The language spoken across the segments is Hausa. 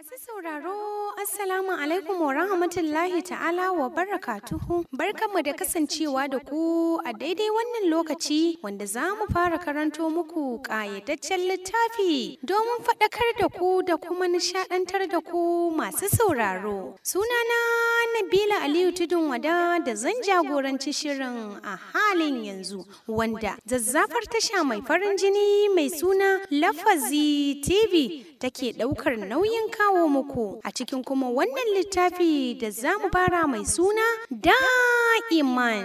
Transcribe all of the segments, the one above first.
Masu sauraro, Assalamu alaikum wa rahmatullahi ta'ala wa barakatuhu. Barkanmu da kasancewa da ku a daidai wannan lokaci wanda za mu fara karanto muku ƙayataccen littafi domin faɗakar da ku da kuma nishaɗantar da ku masu sauraro. Sunana Nabila Aliyu Tudun Wada da zan jagoranci shirin a halin yanzu wanda zazzafar tasha mai farin jini mai suna Lafazi TV take ɗaukar nauyin kawo muku a cikin kuma wannan littafi da za mu fara mai suna da'iman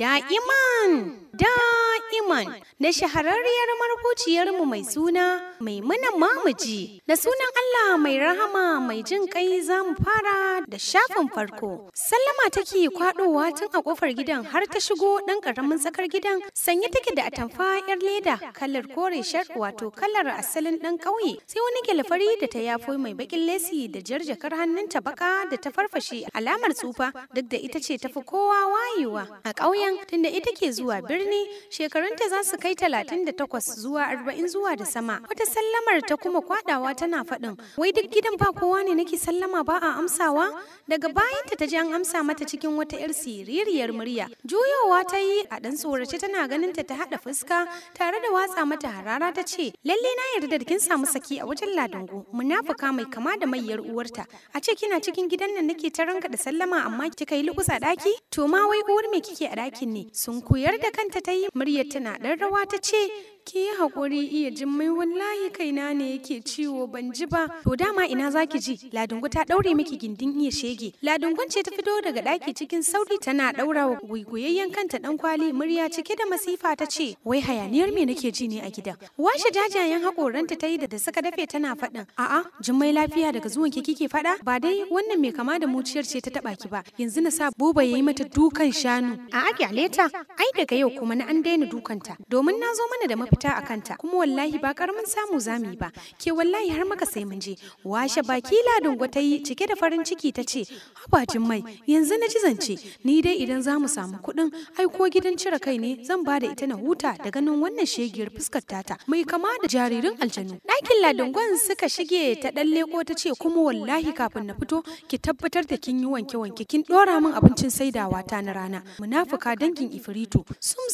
da'iman da'iman na shahararriyar marubuciyarmu mai suna mai mana mamaji da sunan Allah mai rahama mai jin kai za mu fara da shafin farko sallama take kwadowa tun a kofar gidan har ta shigo dan karamin tsakar gidan sanye take da atamfa yar leda kalar kore shar wato kalar asalin dan kauye sai wani gelfari da ta yafo mai bakin lesi da jarjakar hannunta baka da ta farfashe alamar tsufa duk da ita ce tafi kowa wayewa a ƙauyen tunda ita ke zuwa birni birni shekarunta za su kai talatin da takwas zuwa arba'in zuwa da sama. Wata sallamar ta kuma kwadawa tana faɗin wai duk gidan ba kowa ne nake sallama ba a amsawa daga bayanta ta ji an amsa mata cikin wata 'yar siririyar murya. Juyowa ta yi a ɗan tsorace tana ganin ta ta haɗa fuska tare da watsa mata harara ta ce lalle na yarda da kin samu saki a wajen ladungu munafuka mai kama da mayyar uwarta a ce kina cikin gidan nan nake ta ranka da sallama amma kika yi lukusa daki to ma wai uwar me kike a dakin ne sun koyar da kanta kallonta ta yi muryar tana ɗan rawa ta ce ki yi haƙuri iya mai wallahi kaina ne yake ciwo ban ji ba to dama ina za ki ji ladungu ta ɗaure miki gindin iya shege ladungun ce ta fito daga ɗaki cikin sauri tana ɗaura wa gwaigwayayyen kanta ɗan kwali murya cike da masifa ta ce wai hayaniyar me nake ji ne a gidan washe jajayen haƙoranta ta yi da suka dafe tana faɗin a'a mai lafiya daga zuwan ki kike faɗa ba dai wannan mai kama da muciyar ce ta taɓa ki ba yanzu na sa buba yi mata dukan shanu a'a kyaleta ai daga yau kuma na an daina dukanta domin na zo mana da mafi fita a kanta kuma wallahi ba karamin samu zamu ba ke wallahi har maka sai mun je washe baki ladin gwata yi cike da farin ciki ta ce haba mai yanzu na ji zance ni dai idan zamu samu kuɗin ai ko gidan cire kai ne zan ba da ita na huta da ganin wannan shegiyar fuskar tata mai kama da jaririn aljanu ɗakin ladungwan suka shige ta ɗan leko ta ce kuma wallahi kafin na fito ki tabbatar da kin yi wanke wanke kin ɗora min abincin saidawa ta na rana munafuka dangin ifiritu sum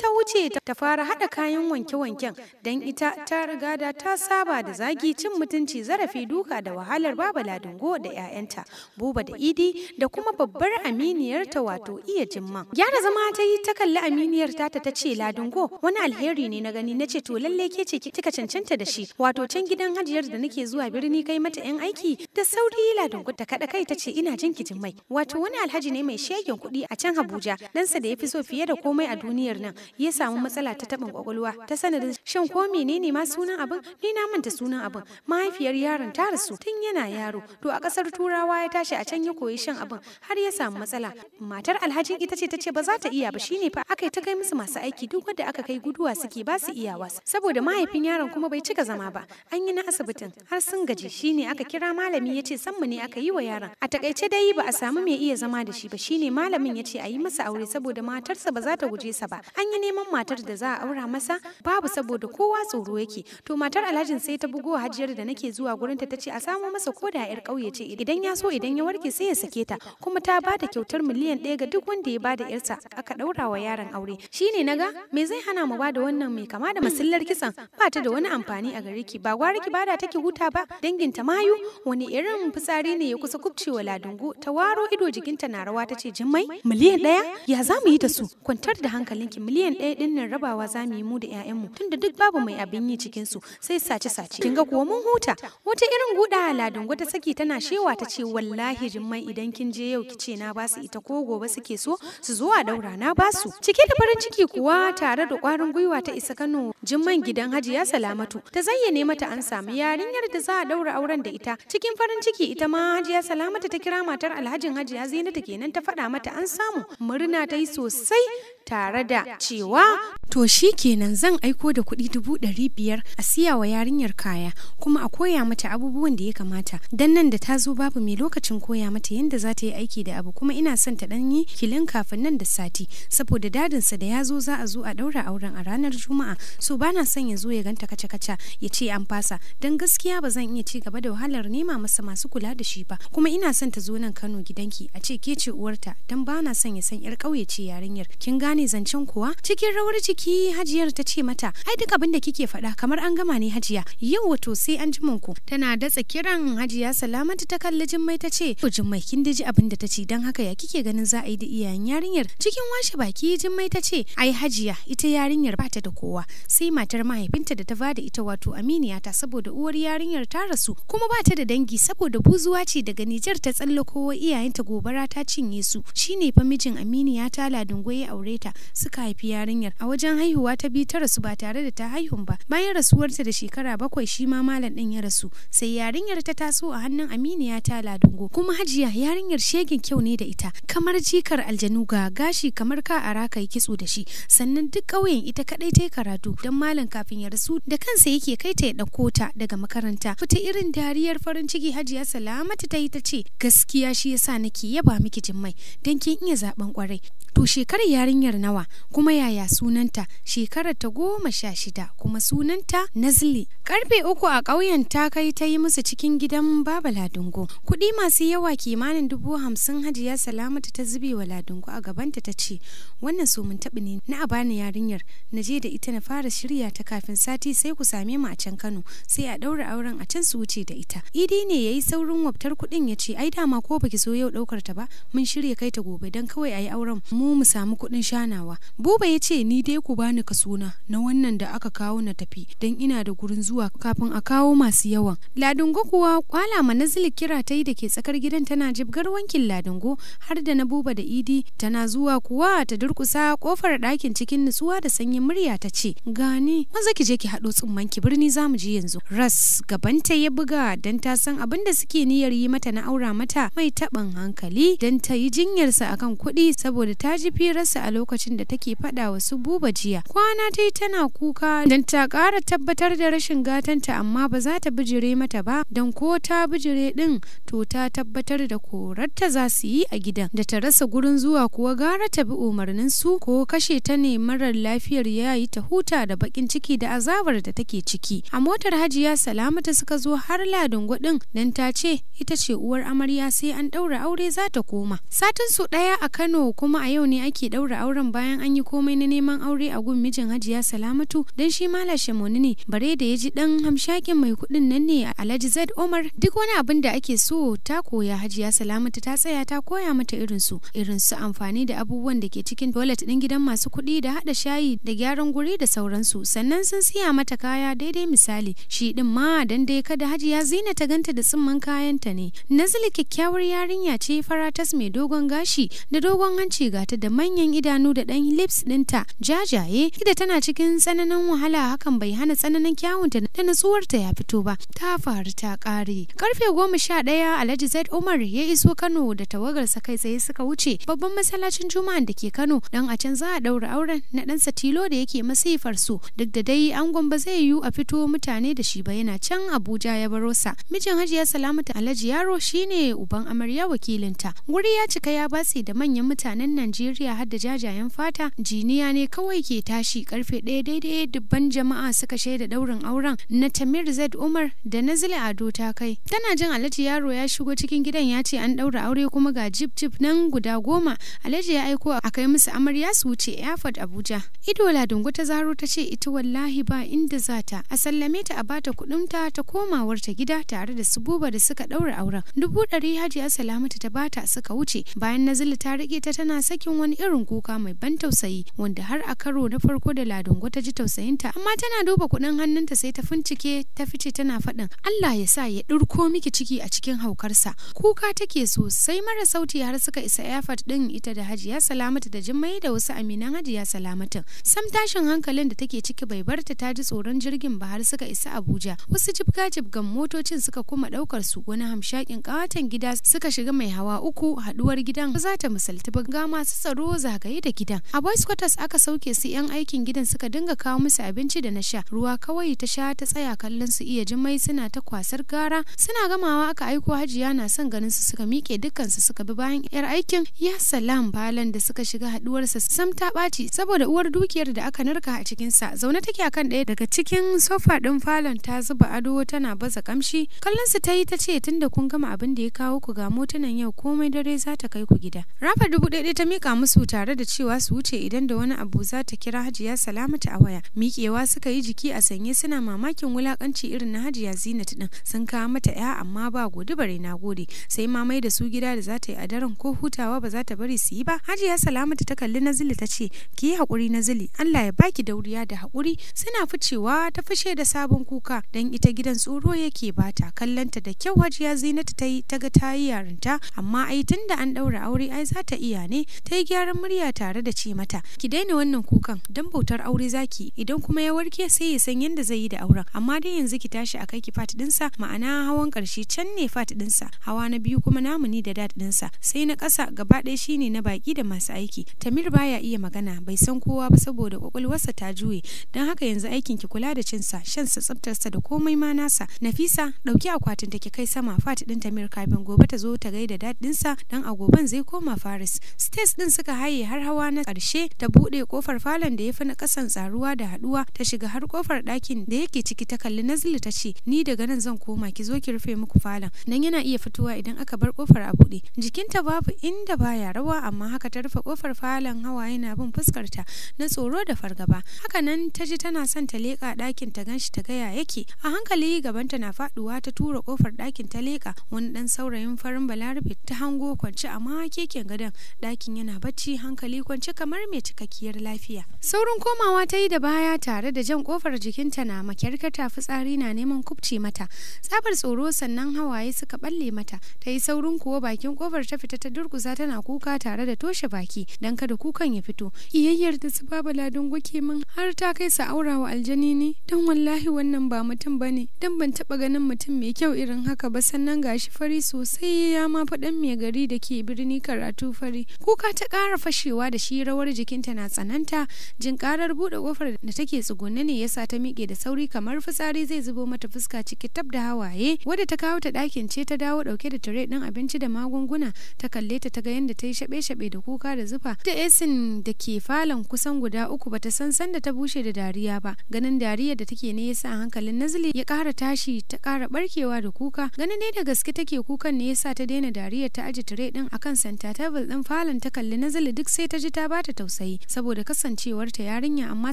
ta wuce ta fara hada kayan wanke-wanken don ita ta riga da ta saba da zagi cin mutunci zarafi duka da wahalar baba ladungo da 'ya'yanta buba da idi da kuma babbar aminiyarta wato iya jimma gyara zama ta yi ta kalli aminiyar ta ta ce ladungo wani alheri ne na gani na ce to lallai ke ce kika cancanta da shi wato can gidan hajiyar da nake zuwa birni kai mata 'yan aiki da sauri ladungo ta kada kai ta ce ina jin ki mai wato wani alhaji ne mai shegen kuɗi a can abuja ɗansa da ya fi so fiye da komai a duniyar nan ya samu matsala ta taɓin kwakwalwa ta sanadin shin ko menene ma sunan abin ni na manta sunan abin mahaifiyar yaron ta rasu tun yana yaro to a ƙasar turawa ya tashi a can ya koyi shan abin har ya samu matsala matar alhaji ita ce ta ce ba za ta iya ba shine fa aka ta kai musu masu aiki duk wanda aka kai guduwa suke ba su iyawa saboda mahaifin yaron kuma bai cika zama ba an yi na asibitin har sun gaji shine aka kira malami ya ce sammu ne aka yi wa yaron a takaice dai ba a samu mai iya zama da shi ba shine malamin ya ce a yi masa aure saboda matarsa ba za ta guje sa ba an ga neman matar da za a aura masa babu saboda kowa tsoro yake to matar alhajin sai ta bugo hajiyar da nake zuwa gurin ta tace a samo masa ko koda yar kauye ce idan ya so idan ya warke sai ya sake ta kuma ta bada kyautar miliyan daya ga duk wanda ya bada yarsa aka daura wa yaron aure shine naga me zai hana mu ba da wannan mai kama da masillar kisan ba ta da wani amfani a gare ki ba gwara ki bada take huta ba danginta mayu wani irin fitsari ne ya kusa kubcewa ladungu ta waro ido jikinta na rawa tace jimmai miliyan daya ya za mu yi ta su kwantar da hankalinki miliyan miliyan ɗaya ɗin nan rabawa za mu yi mu da 'ya'yanmu tunda duk babu mai abin yi cikin su sai sace sace kinga kuwa mun huta wata irin guda aladun wata saki tana shewa ta ce wallahi jimmai idan kin je yau kice na ba su ita ko gobe suke so su zo a daura na ba su cike da farin ciki kuwa tare da kwarin gwiwa ta isa Kano jimman gidan Hajiya Salamatu ta zayyane mata an samu yarinyar da za a daura auren da ita cikin farin ciki ita ma Hajiya Salamatu ta kira matar Alhajin Hajiya Zainatu kenan ta faɗa mata an samu murna ta yi sosai tare da ci cewa to shi kenan zan aiko da kuɗi dubu ɗari biyar a siya wa yarinyar kaya kuma a koya mata abubuwan da ya kamata dan nan da ta zo babu mai lokacin koya mata yadda za ta yi aiki da abu kuma ina son ta ɗan yi kilin kafin nan da sati saboda dadinsa da ya zo za a zo a ɗaura auren a ranar juma'a so bana son ya zo ya ganta kaca kaca ya ce an fasa dan gaskiya ba zan iya ci gaba da wahalar nema masa masu kula da shi ba kuma ina son ta zo nan Kano gidanki a ce ke ce uwarta dan bana son ya san yar ƙauye ce yarinyar kin gane zancen kuwa cikin rawar jiki hajiyar ta ce mata ai duk abin da kike faɗa kamar an gama ne hajiya yau wato sai an ji ku tana datsa kiran hajiya salamatu ta kalli jimmai ta ce to jimmai kin ji abin da ta ce don haka ya kike ganin za a yi da iyayen yarinyar cikin washe baki jimmai ta ce ai hajiya ita yarinyar bata da kowa sai matar mahaifinta da ta bada ita wato aminiya ta saboda uwar yarinyar ta rasu kuma bata da dangi saboda buzuwa ce daga Nijar ta tsallako wa iyayenta gobara ta cinye su shine fa mijin aminiya ta ladungwaye aure ta suka haifi yarinyar a wajen haihuwa ta bi ta rasu ba tare da ta haihun ba bayan rasuwarta da shekara bakwai shi ma malam din ya rasu sai yarinyar ta taso a hannun aminiya ta ladungo kuma hajiya yarinyar shegin kyau ne da ita kamar jikar aljanu ga gashi kamar ka a raka yi kitso da shi sannan duk ƙauyen ita kaɗai ta yi karatu don malam kafin ya rasu da kansa yake kai ta ya ɗauko ta daga makaranta wata irin dariyar farin ciki hajiya salamatu ta yi ta ce gaskiya shi yasa nake yaba miki jimmai don kin iya zaben kwarai to shekarar yarinyar nawa kuma yaya sunanta shekarar ta goma sha shida kuma sunanta Nazli. Karfe uku a ƙauyen ta kai ta yi musu cikin gidan Baba Ladungo. Kuɗi masu yawa kimanin dubu hamsin Hajiya Salamatu ta zube wa Ladungo a gabanta ta ce wannan so mun taɓi ne na a bani yarinyar na je da ita na fara shirya ta kafin sati sai ku same mu a can Kano sai a ɗaura auren a can su wuce da ita. Idi ne ya yi saurin wabtar kuɗin ya ce ai dama ko baki so yau ɗaukar ta ba mun shirya kai ta gobe don kawai a yi auren mu mu samu kuɗin shanawa. Buba Abba ya ce ni dai ku bani kasona na wannan da aka kawo na tafi don ina da gurin zuwa kafin a kawo masu yawan. Ladungo kuwa kwala manazili kira ta yi da ke tsakar gidan tana jibgar wankin ladungo har da na buba da idi tana zuwa kuwa ta durkusa kofar ɗakin cikin nutsuwa da sanyin murya ta ce gani maza ki je ki haɗo tsumman ki birni za mu je yanzu. Ras gabanta ya buga don ta san abin da suke niyyar yi mata na aura mata mai taɓin hankali don ta yi jinyarsa akan kuɗi saboda ta ji firarsa a lokacin da take faɗa faɗa wa buba jiya kwana ta yi tana kuka don ta ƙara tabbatar da rashin gatanta amma ba za ta bijire mata ba don ko ta bijire din to ta tabbatar da korarta za su yi a gidan da ta rasa gurin zuwa kuwa gara ta bi umarnin su ko kashe ta ne marar lafiyar yayi ta huta da bakin ciki da azabar da take ciki a motar hajiya salamata suka zo har ladin gwadin don ta ce ita ce uwar amarya sai an daura aure za ta koma satin su ɗaya a kano kuma a yau ne ake ɗaura auren bayan an yi koma komai na neman aure a gun mijin hajiya salamatu don shi ma shamoni ne bare da ya ji dan hamshakin mai kuɗin nan ne alhaji zaid omar duk wani abin da ake so ta koya hajiya salamatu ta tsaya ta koya mata irinsu irinsu amfani da abubuwan da ke cikin dole din gidan masu kuɗi da haɗa shayi da gyaran guri da sauransu sannan sun siya mata kaya daidai misali shi din ma dan dai kada hajiya zina ta ganta da tsimman kayanta ne nazili kyakkyawar yarinya ce faratas mai dogon gashi da dogon hanci gata da manyan idanu da dan lips din tunaninta jajaye ita tana cikin tsananin wahala hakan bai hana tsananin kyawunta da natsuwarta ya fito ba ta faru ta kare. karfe goma sha ɗaya alhaji zaid umar ya iso kano da tawagarsa kai tsaye suka wuce babban masallacin juma'a da ke kano dan a can za a ɗaura auren na ɗansa tilo da yake masifar su duk da dai angon ba zai yiwu a fito mutane da shi ba yana can abuja ya baro sa mijin hajiya salamata alhaji yaro shine uban amarya wakilinta guri ya cika ya basi da manyan mutanen najeriya har da jajayen fata jini Niya ne kawai ke tashi karfe ɗaya daidai dubban jama'a suka shaida daurin auren na tamir z umar da nazile ado ta kai tana jin alhaji yaro ya shigo cikin gidan ya ce an daura aure kuma ga jip jip nan guda goma alhaji ya aiko a kai musu amarya su wuce airport abuja ido ladungu ta zaro ta ce ita wallahi ba inda za ta a sallame ta a bata kuɗinta ta ta komawar ta gida tare da su buba da suka daura auren dubu ɗari hajiya salamatu ta bata suka wuce bayan nazile ta riƙe ta tana sakin wani irin kuka mai ban tausayi wanda har a karo na farko da ladungo ta ji tausayinta amma tana duba kuɗin hannunta sai ta fincike ta fice tana faɗin Allah ya sa ya ɗurko miki ciki a cikin haukarsa kuka take sosai mara sauti har suka isa airport ɗin ita da hajiya salamatu da jimmai da wasu aminan hajiya salamatu sam tashin hankalin da take ciki bai barta ta ji tsoron jirgin ba har suka isa Abuja wasu jibga jibgan motocin suka kuma ɗaukar su wani hamshakin ƙawatan gida suka shiga mai hawa uku haɗuwar gidan za ta misalta ba ga masu tsaro zagaye da gidan a boys Tilas aka sauke su 'yan aikin gidan suka dinga kawo musu abinci da na sha. Ruwa kawai ta sha ta tsaya kallon su iya jimai suna ta kwasar gara. Suna gamawa aka aiko hajiya na son ganin su suka miƙe dukkan su suka bi bayan 'yar aikin. Ya salam balan da suka shiga haɗuwarsa sam ta ɓaci saboda uwar dukiyar da aka narka a cikin sa Zaune take kan ɗaya daga cikin sofa ɗin falon ta zuba ado tana baza kamshi. Kallon su ta yi ta ce tunda kun gama abin da ya kawo ku ga motunan yau komai dare za ta kai ku gida. Rafa dubu ɗaya ta mika musu tare da cewa su wuce idan da da wani abu za ta kira hajiya salamatu a waya miƙewa suka yi jiki a sanye suna mamakin wulakanci irin na hajiya zinat din sun kawo mata ya amma ba godi bare na gode sai ma mai da su gida da za ta yi a daren ko hutawa ba za ta bari su yi ba hajiya salamatu ta kalli nazili ta ce ki yi haƙuri nazili allah ya baki dauriya da haƙuri suna ficewa ta fashe da sabon kuka dan ita gidan tsoro yake bata kallanta da kyau hajiya zinatu ta yi ta ga ta yi yarinta amma ai tunda an ɗaura aure ai za ta iya ne ta yi gyaran murya tare da ce mata ki daina wannan kukan dan bautar aure zaki idan kuma ya warke sai ya san yadda zai yi da auren amma dai yanzu ki tashi akai ki fat dinsa ma'ana hawan karshe can ne fat dinsa hawa na biyu kuma namu ni da dad dinsa sai na kasa gaba ɗaya shine na baki da masu aiki tamir baya iya magana bai san kowa ba saboda kwakwalwarsa ta juye don haka yanzu aikin ki kula da cinsa shansa tsaftarsa da komai ma nasa nafisa ɗauki akwatin da ki kai sama fat din tamir kafin gobe ta zo ta gaida dad dinsa dan goben zai koma faris stage din suka haye har hawa na ƙarshe ta bude kofar falon da ya fi na kasan tsaruwa da haduwa ta shiga har kofar ɗakin da yake ciki ta kalli nazli ta ce ni daga nan zan koma ki zo ki rufe muku falon nan yana iya fitowa idan aka bar kofar a buɗe jikinta babu inda baya rawa amma haka ta rufe kofar falon hawa yana bin fuskarta na tsoro da fargaba haka nan ta ji tana son ta leƙa ɗakin ta ganshi ta gaya yake a hankali gabanta na faduwa ta tura kofar ɗakin ta leƙa wani ɗan saurayin farin balarabe ta hango kwance amma keken gadon dakin yana bacci hankali kwance kamar mai cikakkiyar lafiya saurin komawa ta yi da baya tare da jan kofar jikinta na makyarkata fitsari na neman kufci mata tsabar tsoro sannan hawaye suka balle mata ta yi saurin kuwa bakin kofar ta fita ta durkusa tana kuka tare da toshe baki don kada kukan ya fito iyayyar da su babu ladun gwake min har ta kai sa aura wa aljani ne dan wallahi wannan ba mutum ba ne dan ban taba ganin mutum mai kyau irin haka ba sannan gashi fari sosai ya ma faɗan mai gari da ke birni karatu fari kuka ta ƙara fashewa da shi rawar jikin jikinta na tsananta jin karar buɗe kofar da take tsugunne ne yasa ta miƙe da sauri kamar fitsari zai zubo mata fuska ciki tab da hawaye wadda ta kawo ta ɗakin ce ta dawo ɗauke da tire ɗin abinci da magunguna ta kalle ta ga yadda ta yi shaɓe-shaɓe da kuka da zufa ta esin da ke falon kusan guda uku bata san sanda ta bushe da dariya ba ganin dariya da take ne yasa hankalin nazli ya ƙara tashi ta ƙara barkewa da kuka ganin ne da gaske take kukan ne yasa ta daina dariyar ta aji tire ɗin akan santa table ɗin falon ta kalli nazli duk sai ta ji ta bata tausayi yi saboda kasancewarta yarinya amma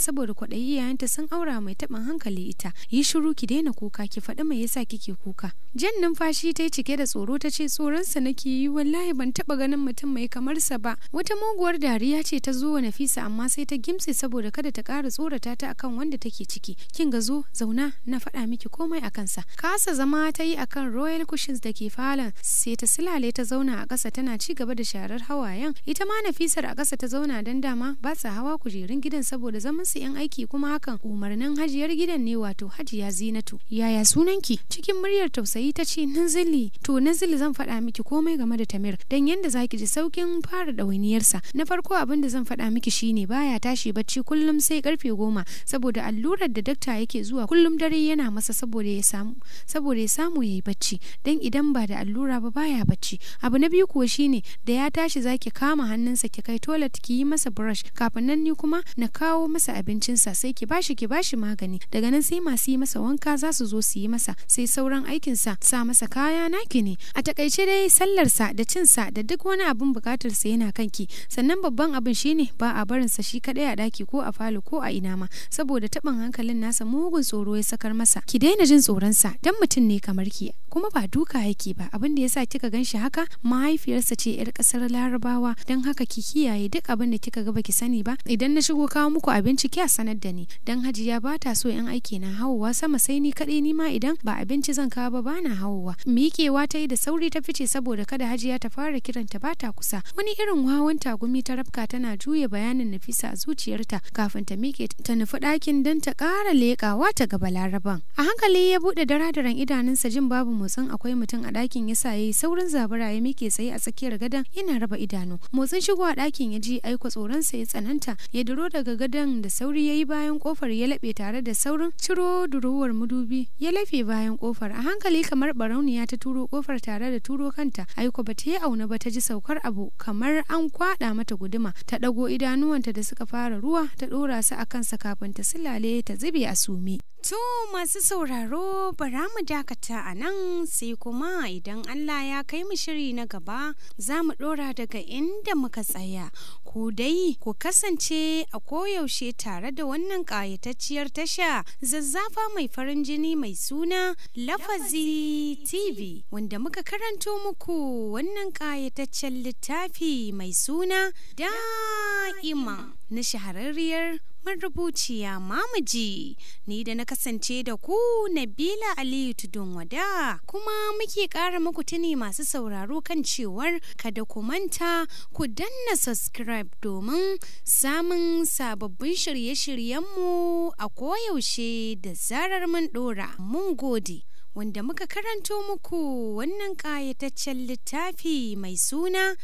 saboda kwaɗayi iyayenta sun aura mai taɓin hankali ita yi shiru ki daina kuka ki faɗi mai yasa kike kuka jan numfashi ta yi cike da tsoro ta ce tsoronsa nake yi wallahi ban taɓa ganin mutum mai kamar sa ba wata muguwar dariya ce ta zo wa nafisa amma sai ta gimsi saboda kada ta ƙara tsorata ta akan wanda take ciki kin ga zo zauna na faɗa miki komai a kansa kasa zama ta yi akan royal cushions da ke falon sai ta silale ta zauna a ƙasa tana ci gaba da sharar hawayen ita ma nafisar a ƙasa ta zauna don dama ba sa hawa kujerun gidan saboda zaman su yan aiki kuma hakan umarnin hajiyar gidan ne wato hajiya zinatu yaya sunanki cikin muryar tausayi ta ce nazili to nazili zan faɗa miki komai game da tamir dan yanda ki ji saukin fara ɗawainiyarsa na farko abin da zan faɗa miki shine baya tashi bacci kullum sai karfe goma saboda allurar da dakta yake zuwa kullum dare yana masa saboda ya samu saboda ya samu yayi bacci dan idan ba da allura ba baya bacci abu na biyu kuwa shine da ya tashi zaki kama hannunsa ki kai toilet ki yi masa brush bashi kafin nan ni kuma na kawo masa abincinsa sai ki bashi ki bashi magani daga nan sai masu yi masa wanka za su zo su yi masa sai sauran aikin sa sa masa kaya naki ne a takaice dai sa da cin sa da duk wani abin bukatar sa yana kanki sannan babban abin shine ba a sa shi kadai a daki ko a falo ko a ina ma saboda taɓin hankalin nasa mugun tsoro ya sakar masa ki daina jin tsoron sa dan mutum ne kamar ki kuma ba duka yake ba abin da yasa kika gan shi haka mahaifiyarsa ce yar kasar larabawa don haka ki kiyaye duk abin da kika ga baki ki sani ba idan na shigo kawo muku abinci ki a sanar da ni dan hajiya ba ta so yan aiki na hawowa sama sai ni kadai ni ma idan ba abinci zan kawo ba na hawowa miƙewa ta yi da sauri ta fice saboda kada hajiya ta fara kiranta ba ta kusa wani irin wawan tagumi ta rafka tana juya bayanin nafisa a zuciyarta kafin ta miƙe ta nufi ɗakin dan ta kara leƙawa ta ga balaraban. a hankali ya buɗe daradaran idanunsa jin babu motsin akwai mutum a ɗakin ya sa yayi saurin zabura ya miƙe tsaye a tsakiyar gadon yana raba idanu motsin shigo a ɗakin ya ji aiko tsoron jikinsa ya tsananta ya duro daga gadon da sauri ya yi bayan kofar ya laɓe tare da saurin ciro durowar madubi ya laife bayan kofar a hankali kamar barauniya ta turo kofar tare da turo kanta aiko ba ta yi auna ba ta ji saukar abu kamar an kwaɗa mata guduma ta ɗago idanuwanta da suka fara ruwa ta ɗora su a kansa kafin ta silale ta zube a sumi. To masu sauraro bara mu dakata a nan sai kuma idan Allah ya kai mu shiri na gaba za mu ɗora daga inda muka tsaya ku dai ku kasance a koyaushe tare da wannan ƙayatacciyar tasha zazzafa mai farin jini mai suna lafazi TV wanda muka karanto muku wannan ƙayataccen littafi mai suna da'ima. na shahararriyar marubuciya mamaji ni da na kasance da ku nabila aliyu tudun wada kuma muke kara muku tuni masu sauraro kan cewar kada ku manta ku danna subscribe domin samun sababbin shirye-shiryenmu a koyaushe da zarar mun dora mun gode wanda muka karanto muku wannan ƙayataccen littafi mai suna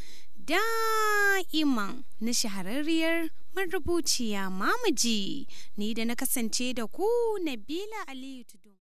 da'iman na shahararriyar marubuciya mamaji ni da na kasance da ku nabila aliyu